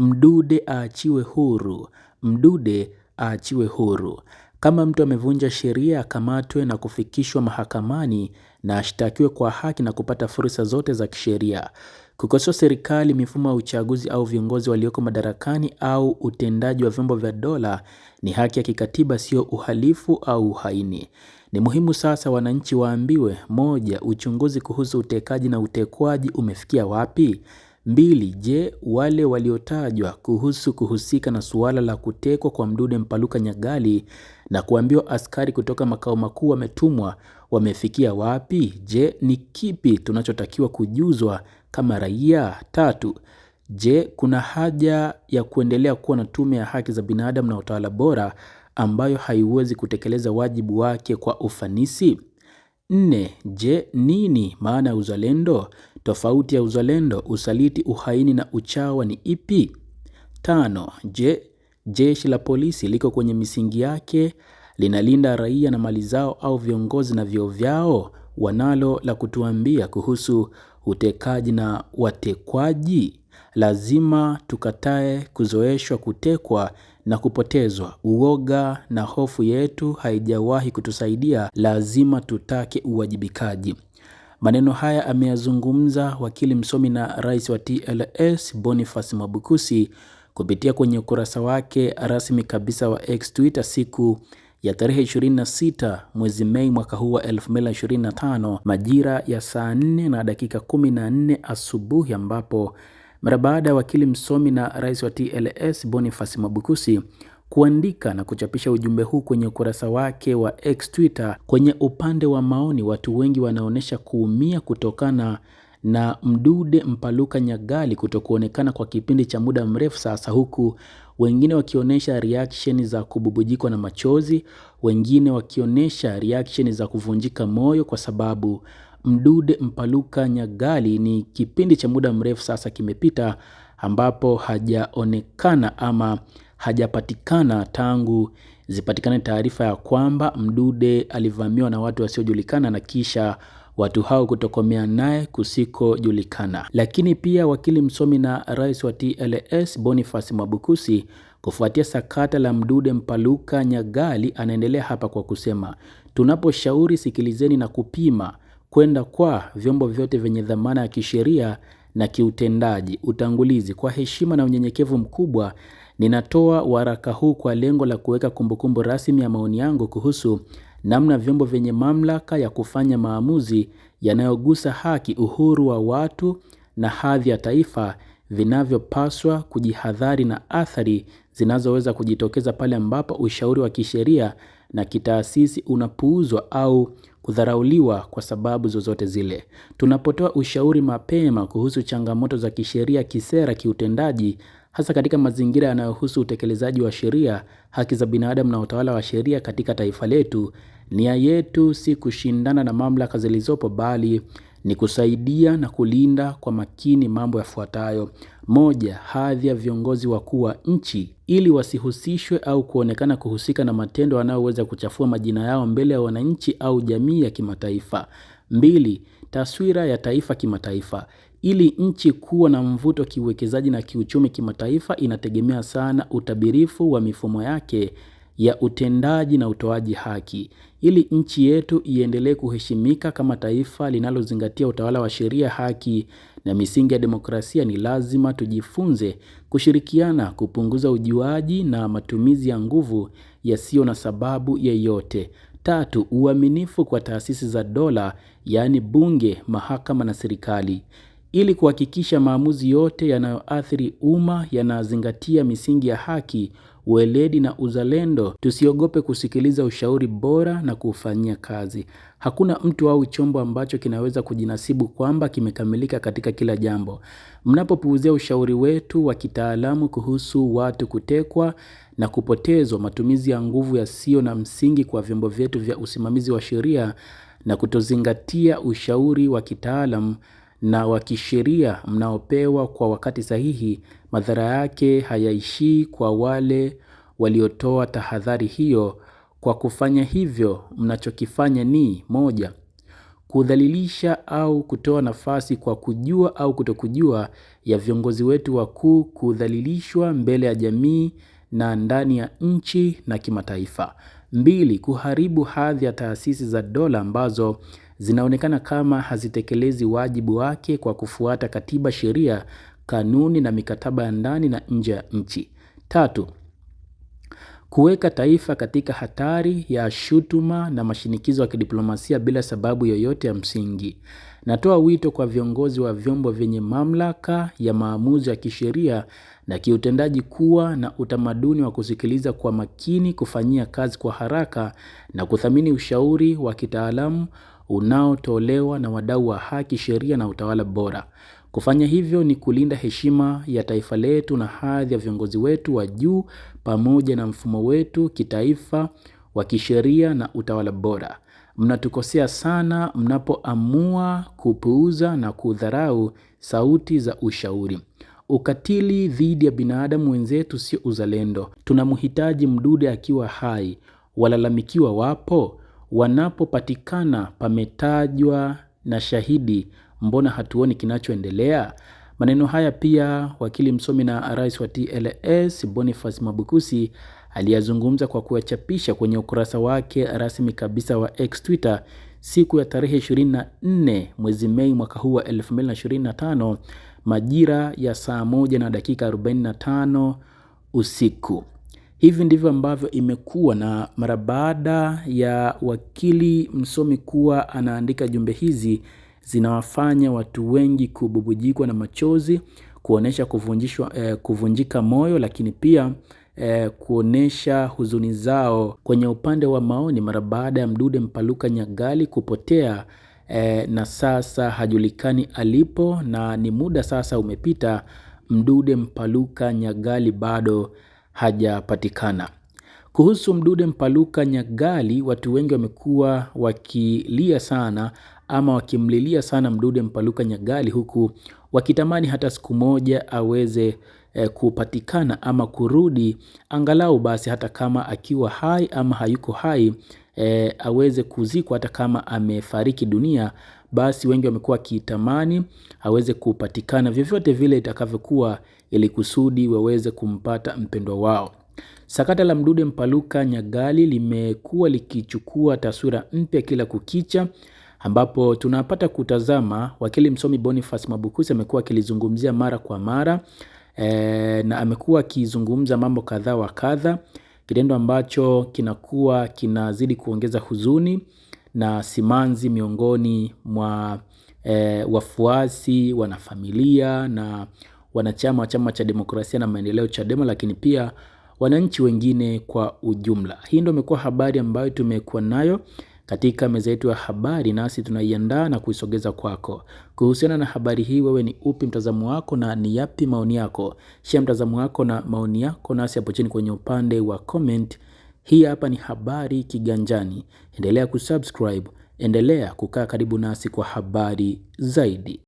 Mdude aachiwe huru, Mdude aachiwe huru. Kama mtu amevunja sheria, akamatwe na kufikishwa mahakamani na ashtakiwe kwa haki na kupata fursa zote za kisheria. Kukosoa serikali, mifumo ya uchaguzi au viongozi walioko madarakani au utendaji wa vyombo vya dola ni haki ya kikatiba, sio uhalifu au uhaini. Ni muhimu sasa wananchi waambiwe: moja, uchunguzi kuhusu utekaji na utekwaji umefikia wapi? Mbili, je, wale waliotajwa kuhusu kuhusika na suala la kutekwa kwa Mdude Mpaluka Nyagali na kuambiwa askari kutoka makao makuu wametumwa wamefikia wapi? Je, ni kipi tunachotakiwa kujuzwa kama raia? Tatu, je, kuna haja ya kuendelea kuwa na tume ya haki za binadamu na utawala bora ambayo haiwezi kutekeleza wajibu wake kwa ufanisi? Nne, je, nini maana ya uzalendo? Tofauti ya uzalendo, usaliti, uhaini na uchawa ni ipi? Tano, je, jeshi la polisi liko kwenye misingi yake? Linalinda raia na mali zao au viongozi na vyeo vyao? Wanalo la kutuambia kuhusu utekaji na watekwaji? Lazima tukatae kuzoeshwa kutekwa na kupotezwa. Uoga na hofu yetu haijawahi kutusaidia, lazima tutake uwajibikaji. Maneno haya ameyazungumza wakili msomi na rais wa TLS Boniface Mwabukusi kupitia kwenye ukurasa wake rasmi kabisa wa X Twitter siku ya tarehe 26 mwezi Mei mwaka huu wa 2025 majira ya saa 4 na dakika 14 asubuhi ambapo mara baada ya wakili msomi na rais wa TLS Boniface Mwabukusi kuandika na kuchapisha ujumbe huu kwenye ukurasa wake wa X Twitter. Kwenye upande wa maoni, watu wengi wanaonyesha kuumia kutokana na Mdude Mpaluka Nyagali kutokuonekana kwa kipindi cha muda mrefu sasa, huku wengine wakionyesha reaction za kububujikwa na machozi, wengine wakionyesha reaction za kuvunjika moyo kwa sababu Mdude Mpaluka Nyagali, ni kipindi cha muda mrefu sasa kimepita ambapo hajaonekana ama hajapatikana tangu zipatikane taarifa ya kwamba Mdude alivamiwa na watu wasiojulikana na kisha watu hao kutokomea naye kusikojulikana. Lakini pia wakili msomi na rais wa TLS Boniface Mwabukusi, kufuatia sakata la Mdude Mpaluka Nyagali, anaendelea hapa kwa kusema, tunaposhauri sikilizeni na kupima kwenda kwa vyombo vyote vyenye dhamana ya kisheria na kiutendaji. Utangulizi. Kwa heshima na unyenyekevu mkubwa, ninatoa waraka huu kwa lengo la kuweka kumbukumbu rasmi ya maoni yangu kuhusu namna vyombo vyenye mamlaka ya kufanya maamuzi yanayogusa haki, uhuru wa watu na hadhi ya taifa vinavyopaswa kujihadhari na athari zinazoweza kujitokeza pale ambapo ushauri wa kisheria na kitaasisi unapuuzwa au kudharauliwa kwa sababu zozote zile. Tunapotoa ushauri mapema kuhusu changamoto za kisheria, kisera, kiutendaji hasa katika mazingira yanayohusu utekelezaji wa sheria, haki za binadamu na utawala wa sheria katika taifa letu, nia yetu si kushindana na mamlaka zilizopo bali ni kusaidia na kulinda kwa makini mambo yafuatayo: moja, hadhi ya viongozi wakuu wa nchi ili wasihusishwe au kuonekana kuhusika na matendo yanayoweza kuchafua majina yao mbele ya wananchi au jamii ya kimataifa. Mbili, taswira ya taifa kimataifa ili nchi kuwa na mvuto kiuwekezaji na kiuchumi kimataifa, inategemea sana utabirifu wa mifumo yake ya utendaji na utoaji haki ili nchi yetu iendelee kuheshimika kama taifa linalozingatia utawala wa sheria, haki na misingi ya demokrasia, ni lazima tujifunze kushirikiana kupunguza ujuaji na matumizi ya nguvu yasiyo na sababu yeyote. Tatu, uaminifu kwa taasisi za dola, yaani bunge, mahakama na serikali ili kuhakikisha maamuzi yote yanayoathiri umma yanazingatia misingi ya haki, ueledi na uzalendo. Tusiogope kusikiliza ushauri bora na kuufanyia kazi. Hakuna mtu au chombo ambacho kinaweza kujinasibu kwamba kimekamilika katika kila jambo. Mnapopuuzia ushauri wetu wa kitaalamu kuhusu watu kutekwa na kupotezwa, matumizi ya nguvu yasiyo na msingi kwa vyombo vyetu vya usimamizi wa sheria na kutozingatia ushauri wa kitaalam na wa kisheria mnaopewa kwa wakati sahihi, Madhara yake hayaishii kwa wale waliotoa tahadhari hiyo. Kwa kufanya hivyo, mnachokifanya ni moja, kudhalilisha au kutoa nafasi kwa kujua au kutokujua ya viongozi wetu wakuu kudhalilishwa mbele ya jamii na ndani ya nchi na kimataifa. Mbili, kuharibu hadhi ya taasisi za dola ambazo zinaonekana kama hazitekelezi wajibu wake kwa kufuata katiba, sheria kanuni na mikataba ya ndani na nje ya nchi. Tatu, kuweka taifa katika hatari ya shutuma na mashinikizo ya kidiplomasia bila sababu yoyote ya msingi. Natoa wito kwa viongozi wa vyombo vyenye mamlaka ya maamuzi ya kisheria na kiutendaji kuwa na utamaduni wa kusikiliza kwa makini, kufanyia kazi kwa haraka na kuthamini ushauri wa kitaalamu unaotolewa na wadau wa haki, sheria na utawala bora. Kufanya hivyo ni kulinda heshima ya taifa letu na hadhi ya viongozi wetu wa juu pamoja na mfumo wetu kitaifa wa kisheria na utawala bora. Mnatukosea sana mnapoamua kupuuza na kudharau sauti za ushauri. Ukatili dhidi ya binadamu wenzetu sio uzalendo. Tunamhitaji Mdude akiwa hai. Walalamikiwa wapo? Wanapopatikana pametajwa na shahidi mbona hatuoni kinachoendelea? Maneno haya pia wakili msomi na rais wa TLS Boniface mabukusi aliyazungumza kwa kuyachapisha kwenye ukurasa wake rasmi kabisa wa X Twitter siku ya tarehe 24 mwezi Mei mwaka huu wa 2025 majira ya saa moja na dakika 45 usiku. Hivi ndivyo ambavyo imekuwa, na mara baada ya wakili msomi kuwa anaandika jumbe hizi zinawafanya watu wengi kububujikwa na machozi, kuonesha kuvunjishwa, eh, kuvunjika moyo lakini pia eh, kuonesha huzuni zao kwenye upande wa maoni mara baada ya Mdude Mpaluka Nyagali kupotea eh, na sasa hajulikani alipo na ni muda sasa umepita Mdude Mpaluka Nyagali bado hajapatikana. Kuhusu Mdude Mpaluka Nyagali, watu wengi wamekuwa wakilia sana ama wakimlilia sana Mdude Mpaluka Nyagali, huku wakitamani hata siku moja aweze e, kupatikana ama kurudi angalau basi, hata kama akiwa hai ama hayuko hai e, aweze kuzikwa hata kama amefariki dunia, basi wengi wamekuwa wakitamani aweze kupatikana vyovyote vile itakavyokuwa, ili kusudi waweze kumpata mpendwa wao. Sakata la Mdude Mpaluka Nyagali limekuwa likichukua taswira mpya kila kukicha ambapo tunapata kutazama wakili msomi Boniface Mwabukusi amekuwa akilizungumzia mara kwa mara e, na amekuwa akizungumza mambo kadha wa kadha, kitendo ambacho kinakuwa kinazidi kuongeza huzuni na simanzi miongoni mwa e, wafuasi, wanafamilia na wanachama wa chama cha demokrasia na maendeleo Chadema, lakini pia wananchi wengine kwa ujumla. Hii ndio imekuwa habari ambayo tumekuwa nayo katika meza yetu ya habari, nasi tunaiandaa na kuisogeza kwako. Kuhusiana na habari hii, wewe ni upi mtazamo wako na ni yapi maoni yako? Shia mtazamo wako na maoni yako nasi hapo chini kwenye upande wa comment. Hii hapa ni habari Kiganjani. Endelea kusubscribe, endelea kukaa karibu nasi kwa habari zaidi.